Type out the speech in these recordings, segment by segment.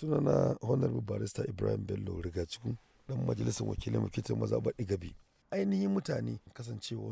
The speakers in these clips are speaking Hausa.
sunana honorable barista ibrahim bello Riga cikin dan majalisar wakilin maza mazaɓar igabi ainihin mutane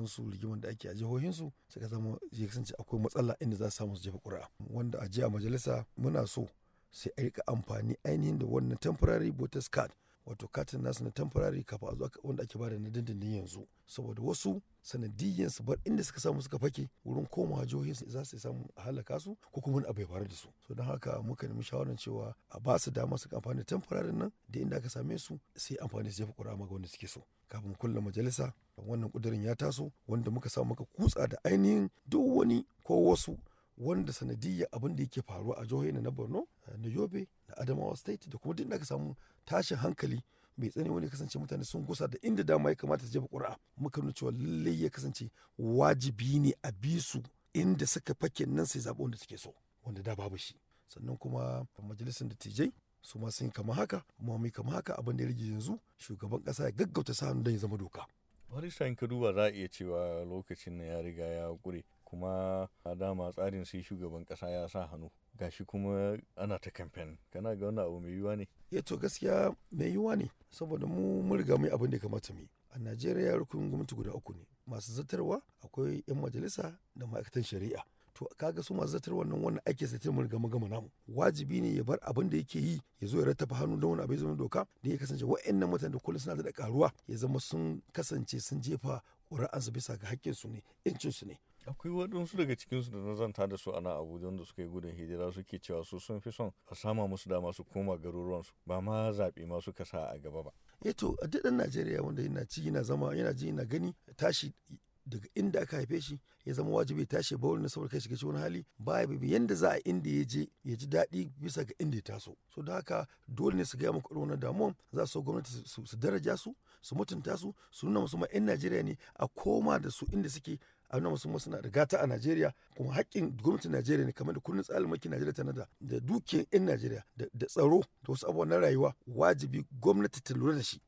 su rigimar da ake a jihohinsu sai ka zama ya kasance akwai matsala inda za su samu su jefa ƙuri'a wanda a jiya majalisa muna so sai a amfani ainihin da wannan temporary voters card wato katin nasu na temporary kafa a zuwa wanda ake bada na dindindin yanzu saboda wasu sanadiyyan su bar inda suka samu suka fake wurin komawa jihohin su za su samu halaka su ko kuma abu ya faru da su so don haka muka nemi shawaran cewa a ba su dama su amfani da temporary nan da inda aka same su sai amfani su jefa kura ma wanda suke so kafin kulle majalisa wannan kudirin ya taso wanda muka samu muka kutsa da ainihin duk wani ko wasu wanda sanadiyya abin da yake faruwa a jihohi na borno na yobe na adamawa state da kuma duk aka samu tashin hankali mai tsani wani kasance mutane sun gusa da inda dama ya kamata su jefa ƙuri'a muka nuna cewa lallai ya kasance wajibi ne a bi su inda suka fake nan sai zaɓi wanda suke so wanda da babu shi sannan kuma majalisar da dattijai su ma sun kama haka kuma mai kama haka abin da ya rage yanzu shugaban kasa ya gaggauta sa don ya zama doka. Barista in ka duba za a iya cewa lokacin na ya riga ya ƙure kuma dama tsarin sai shugaban kasa ya sa hannu gashi kuma ana ta kamfen kana ga wannan abu mai yiwuwa ne ya eh to gaskiya mai yiwuwa ne saboda mu mun riga mu abin da ya kamata mu a najeriya rukunin gwamnati guda uku ne masu zatarwa akwai yan majalisa da ma'aikatan shari'a to kaga su masu zatarwa wannan wannan ake sai mun riga gama namu wajibi ne ya bar abin da yake yi ya zo ya rattafa hannu don wani ya zama doka da ya kasance wa'annan mutane da kullum suna da karuwa ya zama sun kasance sun jefa ƙuri'ansu bisa ga haƙƙinsu ne 'yancinsu ne akwai waɗansu daga cikinsu da na zanta da su ana abuja wanda suka yi gudun hijira suke cewa su sun fi son a sama musu dama su koma garuruwansu ba ma zaɓe masu suka a gaba ba eh to a daɗin najeriya wanda yana ci yana zama yana ji yana gani tashi daga inda aka haife shi ya zama wajibi tashi ba wani saboda kai shiga cikin wani hali ya bibi yanda za a inda ya je ya ji daɗi bisa ga inda ya taso so da haka dole ne su gaya maka irin damuwan za su gwamnati su daraja su su mutunta su su nuna musu ma 'yan najeriya ne a koma da su inda suke annan wasu suna na rigata a najeriya kuma haƙƙin gwamnatin najeriya ne kamar da kundin tsarin mulkin najeriya ta da da dukiyar yan najeriya da tsaro da wasu abubuwan na rayuwa wajibi gwamnati ta lura da shi